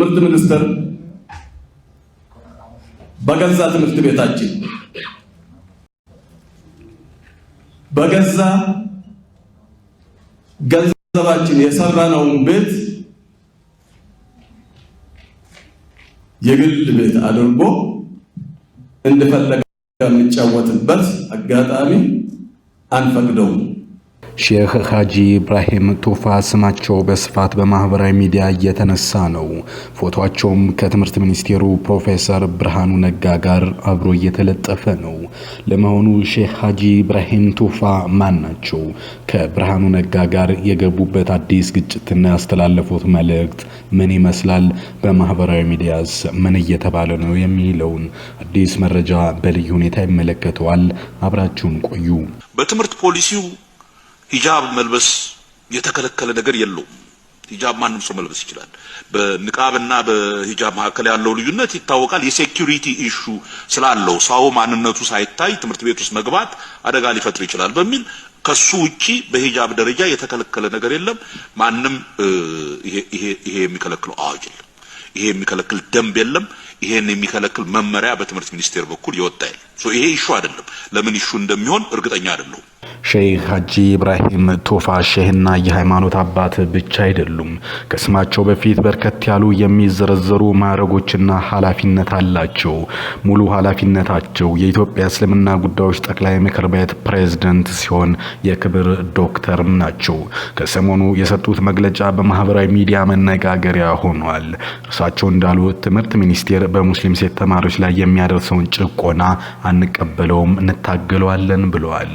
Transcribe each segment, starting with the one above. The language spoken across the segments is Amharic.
ትምህርት ሚኒስቴር በገዛ ትምህርት ቤታችን በገዛ ገንዘባችን የሰራነውን ቤት የግል ቤት አድርጎ እንደፈለገ የሚጫወትበት አጋጣሚ አንፈቅደውም። ሼህ ሀጂ ኢብራሂም ቱፋ ስማቸው በስፋት በማህበራዊ ሚዲያ እየተነሳ ነው። ፎቶቸውም ከትምህርት ሚኒስቴሩ ፕሮፌሰር ብርሃኑ ነጋ ጋር አብሮ እየተለጠፈ ነው። ለመሆኑ ሼህ ሀጂ ኢብራሂም ቱፋ ማን ናቸው? ከብርሃኑ ነጋ ጋር የገቡበት አዲስ ግጭትና ያስተላለፉት መልእክት ምን ይመስላል? በማህበራዊ ሚዲያስ ምን እየተባለ ነው? የሚለውን አዲስ መረጃ በልዩ ሁኔታ ይመለከተዋል። አብራችሁን ቆዩ። በትምህርት ፖሊሲው ሂጃብ መልበስ የተከለከለ ነገር የለውም። ሂጃብ ማንም ሰው መልበስ ይችላል። በንቃብና በሂጃብ መካከል ያለው ልዩነት ይታወቃል። የሴኩሪቲ ኢሹ ስላለው ሰው ማንነቱ ሳይታይ ትምህርት ቤት ውስጥ መግባት አደጋ ሊፈጥር ይችላል በሚል ከሱ ውጪ በሂጃብ ደረጃ የተከለከለ ነገር የለም። ማንም ይሄ የሚከለክለው አዋጅ የለም። ይሄ የሚከለክል ደንብ የለም። ይሄን የሚከለክል መመሪያ በትምህርት ሚኒስቴር በኩል ይወጣል። ይሄ ኢሹ አይደለም። ለምን ኢሹ እንደሚሆን እርግጠኛ አይደለሁም። ሼህ ሀጂ ኢብራሂም ቶፋ ሼህና የሃይማኖት አባት ብቻ አይደሉም። ከስማቸው በፊት በርከት ያሉ የሚዘረዘሩ ማዕረጎችና ኃላፊነት አላቸው። ሙሉ ኃላፊነታቸው የኢትዮጵያ እስልምና ጉዳዮች ጠቅላይ ምክር ቤት ፕሬዝደንት ሲሆን የክብር ዶክተርም ናቸው። ከሰሞኑ የሰጡት መግለጫ በማህበራዊ ሚዲያ መነጋገሪያ ሆኗል። እርሳቸው እንዳሉት ትምህርት ሚኒስቴር በሙስሊም ሴት ተማሪዎች ላይ የሚያደርሰውን ጭቆና አንቀበለውም፣ እንታገለዋለን ብለዋል።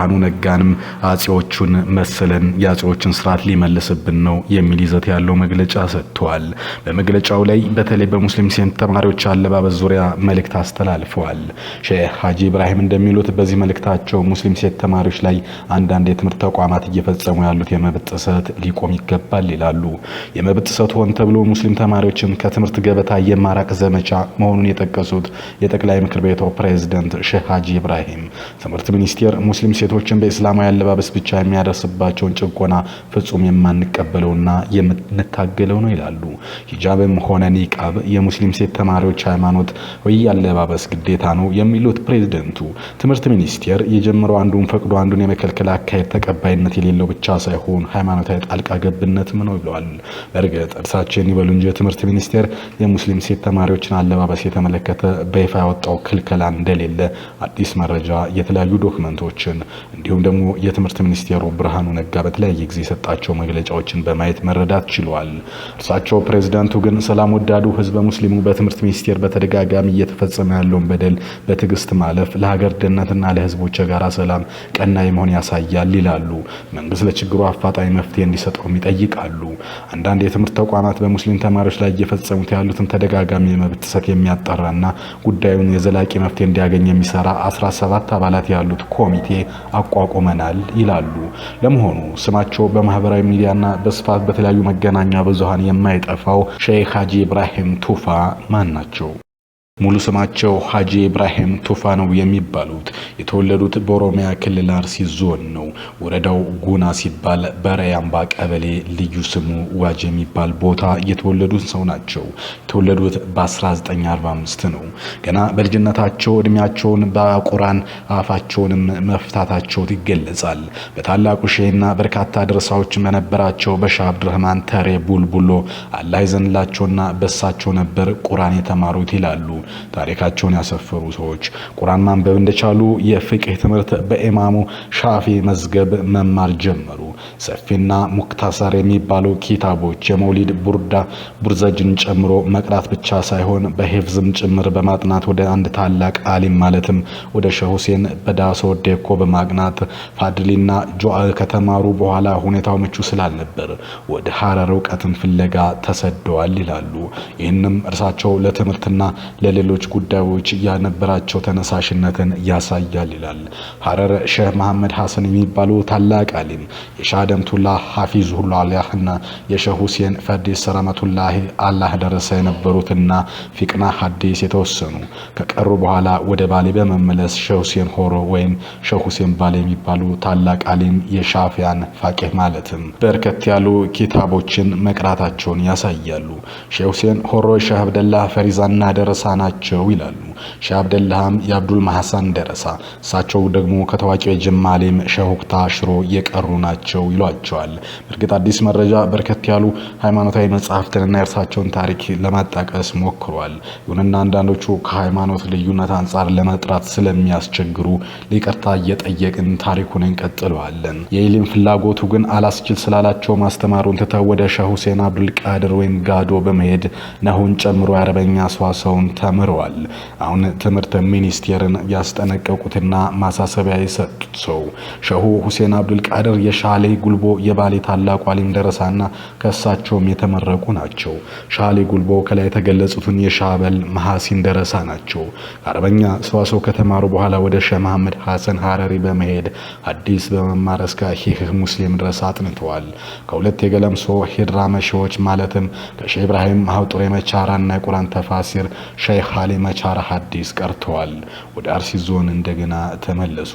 ብርሃኑ ነጋንም አጼዎቹን መሰለን የአጼዎችን ስርዓት ሊመልስብን ነው የሚል ይዘት ያለው መግለጫ ሰጥተዋል። በመግለጫው ላይ በተለይ በሙስሊም ሴንት ተማሪዎች አለባበስ ዙሪያ መልእክት አስተላልፈዋል። ሼህ ሀጂ ኢብራሂም እንደሚሉት በዚህ መልእክታቸው ሙስሊም ሴት ተማሪዎች ላይ አንዳንድ የትምህርት ተቋማት እየፈጸሙ ያሉት የመብት ጥሰት ሊቆም ይገባል ይላሉ። የመብት ጥሰት ሆን ተብሎ ሙስሊም ተማሪዎችን ከትምህርት ገበታ የማራቅ ዘመቻ መሆኑን የጠቀሱት የጠቅላይ ምክር ቤቱ ፕሬዚደንት ሼህ ሀጂ ኢብራሂም ትምህርት ሚኒስቴር ሙስሊም ሴት ሴቶችን በኢስላማዊ አለባበስ ብቻ የሚያደርስባቸውን ጭቆና ፍጹም የማንቀበለውና የምንታገለው ነው ይላሉ። ሂጃብም ሆነ ኒቃብ የሙስሊም ሴት ተማሪዎች ወይ አለባበስ ግዴታ ነው የሚሉት ፕሬዝደንቱ፣ ትምህርት ሚኒስቴር የጀመረው አንዱን ፈቅዶ አንዱን የመከልከል አካሄድ ተቀባይነት የሌለው ብቻ ሳይሆን ሃይማኖታዊ ጣልቃ ገብነትም ነው ይለዋል። በእርግጥ እርሳቸው ይበሉ እንጂ የትምህርት ሚኒስቴር የሙስሊም ሴት ተማሪዎችን አለባበስ የተመለከተ በይፋ ያወጣው ክልከላ እንደሌለ አዲስ መረጃ የተለያዩ ዶክመንቶችን እንዲሁም ደግሞ የትምህርት ሚኒስቴሩ ብርሃኑ ነጋ በተለያየ ጊዜ የሰጣቸው መግለጫዎችን በማየት መረዳት ችሏል። እርሳቸው ፕሬዚዳንቱ ግን ሰላም ወዳዱ ህዝበ ሙስሊሙ በትምህርት ሚኒስቴር በተደጋጋሚ እየተፈጸመ ያለውን በደል በትዕግስት ማለፍ ለሀገር ደህንነትና ለህዝቦች የጋራ ሰላም ቀናይ መሆን ያሳያል ይላሉ። መንግስት ለችግሩ አፋጣኝ መፍትሄ እንዲሰጠውም ይጠይቃሉ። አንዳንድ የትምህርት ተቋማት በሙስሊም ተማሪዎች ላይ እየፈጸሙት ያሉትን ተደጋጋሚ የመብት ጥሰት የሚያጠራና ጉዳዩን የዘላቂ መፍትሄ እንዲያገኝ የሚሰራ 17 አባላት ያሉት ኮሚቴ አቋቁመናል ይላሉ። ለመሆኑ ስማቸው በማህበራዊ ሚዲያና በስፋት በተለያዩ መገናኛ ብዙሃን የማይጠፋው ሼህ ሀጂ ኢብራሂም ቱፋ ማን ናቸው? ሙሉ ስማቸው ሀጂ ኢብራሂም ቱፋ ነው የሚባሉት። የተወለዱት በኦሮሚያ ክልል አርሲ ዞን ነው። ወረዳው ጉና ሲባል በረያምባ ቀበሌ ልዩ ስሙ ዋጅ የሚባል ቦታ የተወለዱት ሰው ናቸው። የተወለዱት በ1945 ነው። ገና በልጅነታቸው እድሜያቸውን በቁራን አፋቸውንም መፍታታቸው ይገለጻል። በታላቁ ሼህና በርካታ ድርሳዎች በነበራቸው በሻህ አብድረህማን ተሬ ቡልቡሎ አላህ ይዘንላቸውና በሳቸው ነበር ቁራን የተማሩት ይላሉ። ታሪካቸውን ያሰፈሩ ሰዎች ቁራን ማንበብ እንደቻሉ የፍቅህ ትምህርት በኢማሙ ሻፊ መዝገብ መማር ጀመሩ። ሰፊና ሙክታሳር የሚባሉ ኪታቦች የመውሊድ ቡርዳ ቡርዘጅን ጨምሮ መቅራት ብቻ ሳይሆን በሂፍዝም ጭምር በማጥናት ወደ አንድ ታላቅ አሊም ማለትም ወደ ሸህ ሁሴን በዳሶ ዴኮ በማቅናት ፋድሊና ጆአል ከተማሩ በኋላ ሁኔታው ምቹ ስላልነበር ወደ ሀረር እውቀትን ፍለጋ ተሰደዋል ይላሉ። ይህንም እርሳቸው ለትምህርትና ለሌ ሌሎች ጉዳዮች ያነበራቸው ተነሳሽነትን ያሳያል ይላል። ሀረር ሼህ መሐመድ ሐሰን የሚባሉ ታላቅ አሊም የሻደምቱላ ደምቱላ ሐፊዝ ሁሉ አሊያህና የሼህ ሁሴን ፈዲስ ሰላመቱላሂ አላህ ደረሰ የነበሩትና ፊቅና ሀዲስ የተወሰኑ ከቀሩ በኋላ ወደ ባሌ በመመለስ ሼህ ሁሴን ሆሮ ወይም ሼህ ሁሴን ባሌ የሚባሉ ታላቅ አሊም የሻፊያን ፋቂህ ማለትም በርከት ያሉ ኪታቦችን መቅራታቸውን ያሳያሉ። ሼህ ሁሴን ሆሮ ሼህ አብደላ ፈሪዛና ደረሳ ናቸው ይላሉ ሼህ አብደላህም የአብዱል ማሐሳን ደረሳ። እሳቸው ደግሞ ከታዋቂው የጀማሌም ሸሁክታ ሽሮ የቀሩ ናቸው ይሏቸዋል። በእርግጥ አዲስ መረጃ በርከት ያሉ ሃይማኖታዊ መጽሐፍትንና የእርሳቸውን ታሪክ ለማጣቀስ ሞክሯል። ይሁንና አንዳንዶቹ ከሃይማኖት ልዩነት አንጻር ለመጥራት ስለሚያስቸግሩ ሊቀርታ እየጠየቅን ታሪኩን እንቀጥለዋለን። የኢሊም ፍላጎቱ ግን አላስችል ስላላቸው ማስተማሩን ትተው ወደ ሸህ ሁሴን አብዱልቃድር ወይም ጋዶ በመሄድ ነሁን ጨምሮ የአረበኛ ሰዋሰውን ተምረዋል። አሁን ትምህርት ሚኒስቴርን ያስጠነቀቁትና ማሳሰቢያ የሰጡት ሰው ሸሁ ሁሴን አብዱል ቃድር የሻሌ ጉልቦ የባሌ ታላቁ አሊም ደረሳና ከእሳቸውም የተመረቁ ናቸው። ሻሌ ጉልቦ ከላይ የተገለጹትን የሻበል መሐሲን ደረሳ ናቸው። ከአርበኛ ሰዋሰው ከተማሩ በኋላ ወደ ሼህ መሐመድ ሐሰን ሀረሪ በመሄድ አዲስ በመማር እስከ ሂህ ሙስሊም ድረስ አጥንተዋል። ከሁለት የገለምሶ ሂድራ መሺዎች ማለትም ከሼህ ኢብራሂም ሀውጡር የመቻራና የቁራን ተፋሲር ሸ ሀሌ መቻር ሀዲስ ቀርተዋል። ወደ አርሲ ዞን እንደገና ተመለሱ።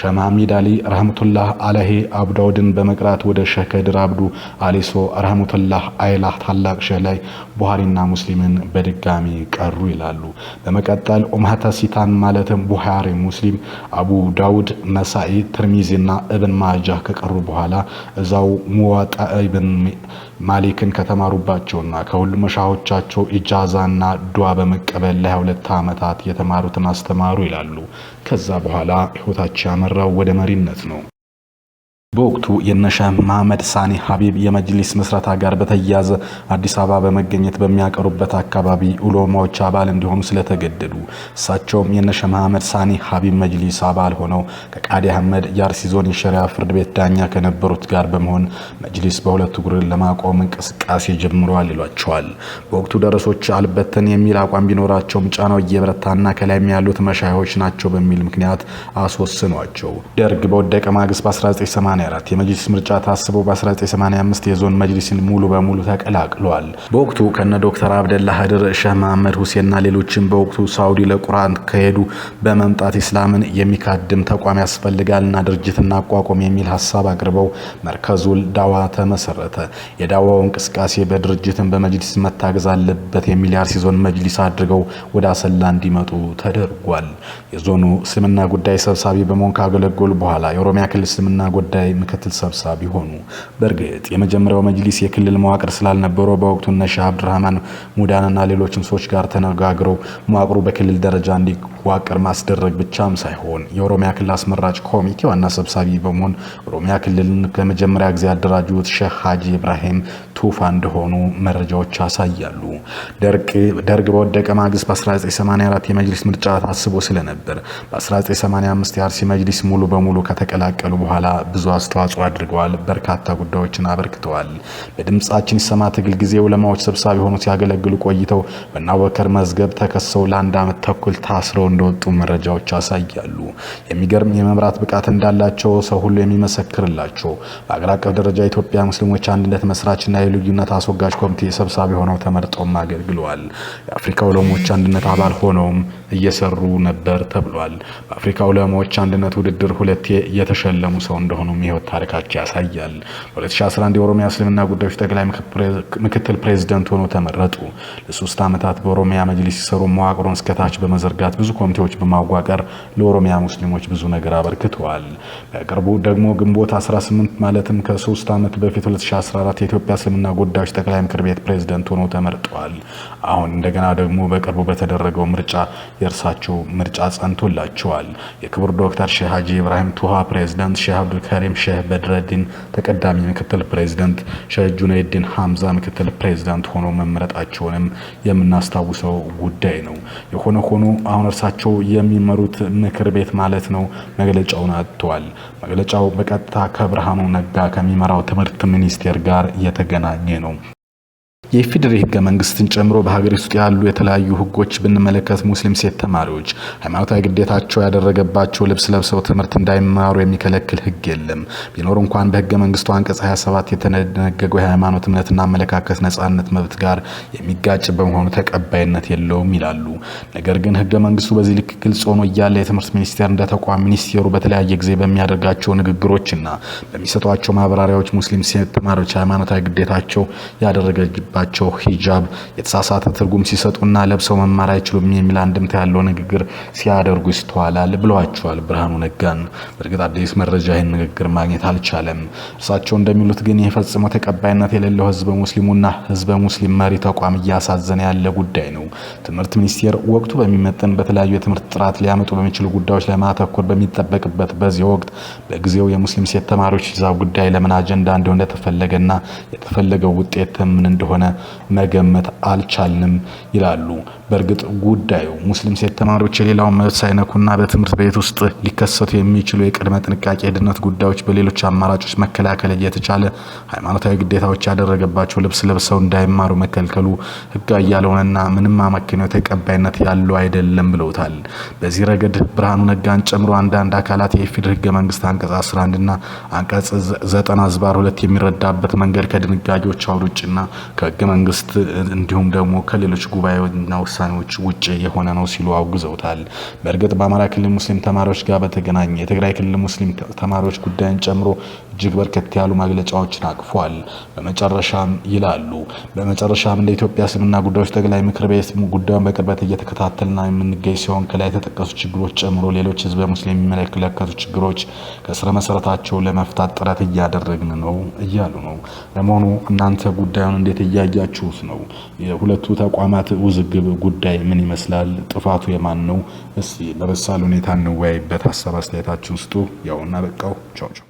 ሸህ መሐሚድ አሊ ረህመቱላህ አለሄ አብዳውድን በመቅራት ወደ ሸህ ከድር አብዱ አሊሶ ረህመቱላህ አይላህ ታላቅ ሸህ ላይ ቡሃሪና ሙስሊምን በድጋሚ ቀሩ ይላሉ። በመቀጠል ኡማተ ሲታን ማለትም ቡሃሪ፣ ሙስሊም፣ አቡ ዳውድ፣ መሳኢ፣ ትርሚዚና እብን ማጃ ከቀሩ በኋላ እዛው ሙዋጣ ኢብን ማሊክን ከተማሩባቸውና ከሁሉም መሻሆቻቸው ኢጃዛና ዱዓ በመቀበል ለ22 ዓመታት የተማሩትን አስተማሩ ይላሉ። ከዛ በኋላ ህይወታቸው ያመራው ወደ መሪነት ነው። በወቅቱ የነሸ መሐመድ ሳኒ ሀቢብ የመጅሊስ ምስረታ ጋር በተያያዘ አዲስ አበባ በመገኘት በሚያቀሩበት አካባቢ ዑለማዎች አባል እንዲሆኑ ስለተገደዱ እሳቸውም የነሸ መሐመድ ሳኒ ሀቢብ መጅሊስ አባል ሆነው ከቃዲ አህመድ የአርሲ ዞን የሸሪያ ፍርድ ቤት ዳኛ ከነበሩት ጋር በመሆን መጅሊስ በሁለት እግር ለማቆም እንቅስቃሴ ጀምረዋል ይሏቸዋል። በወቅቱ ደረሶች አልበተን የሚል አቋም ቢኖራቸውም ጫናው እየበረታና ከላይም ያሉት መሻዮች ናቸው በሚል ምክንያት አስወስኗቸው ደርግ በወደቀ ማግስት በ1980 1984 የመጅሊስ ምርጫ ታስቦ በ1985 የዞን መጅሊስን ሙሉ በሙሉ ተቀላቅለዋል። በወቅቱ ከነ ዶክተር አብደላ ሀድር፣ ሸህ መሐመድ ሁሴንና ሌሎችም በወቅቱ ሳውዲ ለቁርአን ከሄዱ በመምጣት ኢስላምን የሚካድም ተቋም ያስፈልጋልና ድርጅት እናቋቁም የሚል ሀሳብ አቅርበው መርከዙል ዳዋ ተመሰረተ። የዳዋው እንቅስቃሴ በድርጅትን በመጅሊስ መታገዝ አለበት የሚል የአርሲ ዞን መጅሊስ አድርገው ወደ አሰላ እንዲመጡ ተደርጓል። የዞኑ እስልምና ጉዳይ ሰብሳቢ በመሆን ካገለገሉ በኋላ የኦሮሚያ ክልል እስልምና ጉዳይ ምክትል ሰብሳቢ ሆኑ። በእርግጥ የመጀመሪያው መጅሊስ የክልል መዋቅር ስላልነበረው በወቅቱ እነ ሼህ ሙዳንና ሌሎችም ሰዎች ጋር ተነጋግረው መዋቅሩ በክልል ደረጃ እንዲ እንዲዋቀር ማስደረግ ብቻም ሳይሆን የኦሮሚያ ክልል አስመራጭ ኮሚቴ ዋና ሰብሳቢ በመሆን ኦሮሚያ ክልልን ለመጀመሪያ ጊዜ ያደራጁት ሼህ ሀጂ ኢብራሂም ቱፋ እንደሆኑ መረጃዎች ያሳያሉ። ደርግ በወደቀ ማግስት በ1984 የመጅሊስ ምርጫ ታስቦ ስለነበር በ1985 የአርሲ መጅሊስ ሙሉ በሙሉ ከተቀላቀሉ በኋላ ብዙ አስተዋጽኦ አድርገዋል። በርካታ ጉዳዮችን አበርክተዋል። በድምፃችን ይሰማ ትግል ጊዜ ዑለማዎች ሰብሳቢ ሆኖ ሲያገለግሉ ቆይተው በአቡበከር መዝገብ ተከሰው ለአንድ ዓመት ተኩል ታስረው እንደወጡ መረጃዎች ያሳያሉ። የሚገርም የመምራት ብቃት እንዳላቸው ሰው ሁሉ የሚመሰክርላቸው በአገር አቀፍ ደረጃ የኢትዮጵያ ሙስሊሞች አንድነት መስራችና የልዩነት አስወጋጅ ኮሚቴ ሰብሳቢ ሆነው ተመርጠውም አገልግለዋል። የአፍሪካ ዑለሞች አንድነት አባል ሆነውም እየሰሩ ነበር ተብሏል። በአፍሪካ ዑለሞች አንድነት ውድድር ሁለቴ የተሸለሙ ሰው እንደሆኑም የህይወት ታሪካቸው ያሳያል። በ2011 የኦሮሚያ እስልምና ጉዳዮች ጠቅላይ ምክትል ፕሬዚደንት ሆነው ተመረጡ። ለሶስት ዓመታት በኦሮሚያ መጅሊስ ሲሰሩ መዋቅሮን እስከታች በመዘርጋት ብዙ ኮሚቴዎች በማዋቀር ለኦሮሚያ ሙስሊሞች ብዙ ነገር አበርክተዋል። በቅርቡ ደግሞ ግንቦት 18 ማለትም ከ ከ3 ዓመት በፊት 2014 የኢትዮጵያ እስልምና ጉዳዮች ጠቅላይ ምክር ቤት ፕሬዝደንት ሆነው ተመርጠዋል። አሁን እንደገና ደግሞ በቅርቡ በተደረገው ምርጫ የእርሳቸው ምርጫ ጸንቶላቸዋል። የክቡር ዶክተር ሼህ ሀጂ ኢብራሂም ቱሃ ፕሬዝዳንት፣ ሼህ አብዱልከሪም ሼህ በድረዲን ተቀዳሚ ምክትል ፕሬዝዳንት፣ ሼህ ጁነይዲን ሀምዛ ምክትል ፕሬዝዳንት ሆኖ መመረጣቸውንም የምናስታውሰው ጉዳይ ነው። የሆነ ሆኖ አሁን እርሳቸው የሚመሩት ምክር ቤት ማለት ነው መግለጫውን አጥተዋል። መግለጫው በቀጥታ ከብርሃኑ ነጋ ከሚመራው ትምህርት ሚኒስቴር ጋር የተገናኘ ነው። የኢፌዴሪ ህገ መንግስትን ጨምሮ በሀገር ውስጥ ያሉ የተለያዩ ህጎች ብንመለከት ሙስሊም ሴት ተማሪዎች ሃይማኖታዊ ግዴታቸው ያደረገባቸው ልብስ ለብሰው ትምህርት እንዳይማሩ የሚከለክል ህግ የለም። ቢኖር እንኳን በህገ መንግስቱ አንቀጽ 27 የተደነገገው የሃይማኖት እምነትና አመለካከት ነጻነት መብት ጋር የሚጋጭ በመሆኑ ተቀባይነት የለውም ይላሉ። ነገር ግን ህገ መንግስቱ በዚህ ልክ ግልጽ ሆኖ እያለ የትምህርት ሚኒስቴር እንደ ተቋም ሚኒስቴሩ በተለያየ ጊዜ በሚያደርጋቸው ንግግሮችና በሚሰጧቸው ማብራሪያዎች ሙስሊም ሴት ተማሪዎች ሃይማኖታዊ ግዴታቸው ያደረገ ያለባቸው ሂጃብ የተሳሳተ ትርጉም ሲሰጡና ለብሰው መማር አይችሉም የሚል አንድምታ ያለው ንግግር ሲያደርጉ ይስተዋላል ብለዋቸዋል ብርሃኑ ነጋን። በእርግጥ አዲስ መረጃ ይህን ንግግር ማግኘት አልቻለም። እርሳቸው እንደሚሉት ግን ይህ ፈጽሞ ተቀባይነት የሌለው ህዝበ ሙስሊሙና ህዝበ ሙስሊም መሪ ተቋም እያሳዘነ ያለ ጉዳይ ነው። ትምህርት ሚኒስቴር ወቅቱ በሚመጠን በተለያዩ የትምህርት ጥራት ሊያመጡ በሚችሉ ጉዳዮች ላይ ማተኮር በሚጠበቅበት በዚህ ወቅት በጊዜው የሙስሊም ሴት ተማሪዎች ሂጃብ ጉዳይ ለምን አጀንዳ እንደሆነ እንደተፈለገና የተፈለገው ውጤት ምን እንደሆነ እንደሆነ መገመት አልቻልንም ይላሉ። በእርግጥ ጉዳዩ ሙስሊም ሴት ተማሪዎች የሌላውን መብት ሳይነኩና በትምህርት ቤት ውስጥ ሊከሰቱ የሚችሉ የቅድመ ጥንቃቄ የደህንነት ጉዳዮች በሌሎች አማራጮች መከላከል እየተቻለ ሃይማኖታዊ ግዴታዎች ያደረገባቸው ልብስ ለብሰው እንዳይማሩ መከልከሉ ህጋዊ ያልሆነና ምንም አመክንዮ ተቀባይነት ያለው አይደለም ብለውታል። በዚህ ረገድ ብርሃኑ ነጋን ጨምሮ አንዳንድ አካላት የኢፌዴሪ ህገ መንግስት አንቀጽ 11ና አንቀጽ 90 ዝባር 2 የሚረዳበት መንገድ ከድንጋጌዎች አውድ ውጭና ከህገ መንግስት እንዲሁም ደግሞ ከሌሎች ጉባኤና ውሳኔዎች ውጭ የሆነ ነው ሲሉ አውግዘውታል። በእርግጥ በአማራ ክልል ሙስሊም ተማሪዎች ጋር በተገናኘ የትግራይ ክልል ሙስሊም ተማሪዎች ጉዳይን ጨምሮ እጅግ በርከት ያሉ መግለጫዎችን አቅፏል። በመጨረሻም ይላሉ በመጨረሻም እንደ ኢትዮጵያ እስልምና ጉዳዮች ጠቅላይ ምክር ቤት ጉዳዩን በቅርበት እየተከታተልና የምንገኝ ሲሆን ከላይ የተጠቀሱ ችግሮች ጨምሮ ሌሎች ህዝበ ሙስሊም የሚመለከቱ ችግሮች ከስረ መሰረታቸው ለመፍታት ጥረት እያደረግን ነው እያሉ ነው። ለመሆኑ እናንተ ጉዳዩን እንዴት እያ እያያችሁት ነው። የሁለቱ ተቋማት ውዝግብ ጉዳይ ምን ይመስላል? ጥፋቱ የማን ነው? እስቲ በበሳል ሁኔታ እንወያይበት። ሀሳብ አስተያየታችሁን ስጡ። ያው እናበቃው። ቻው ቻው።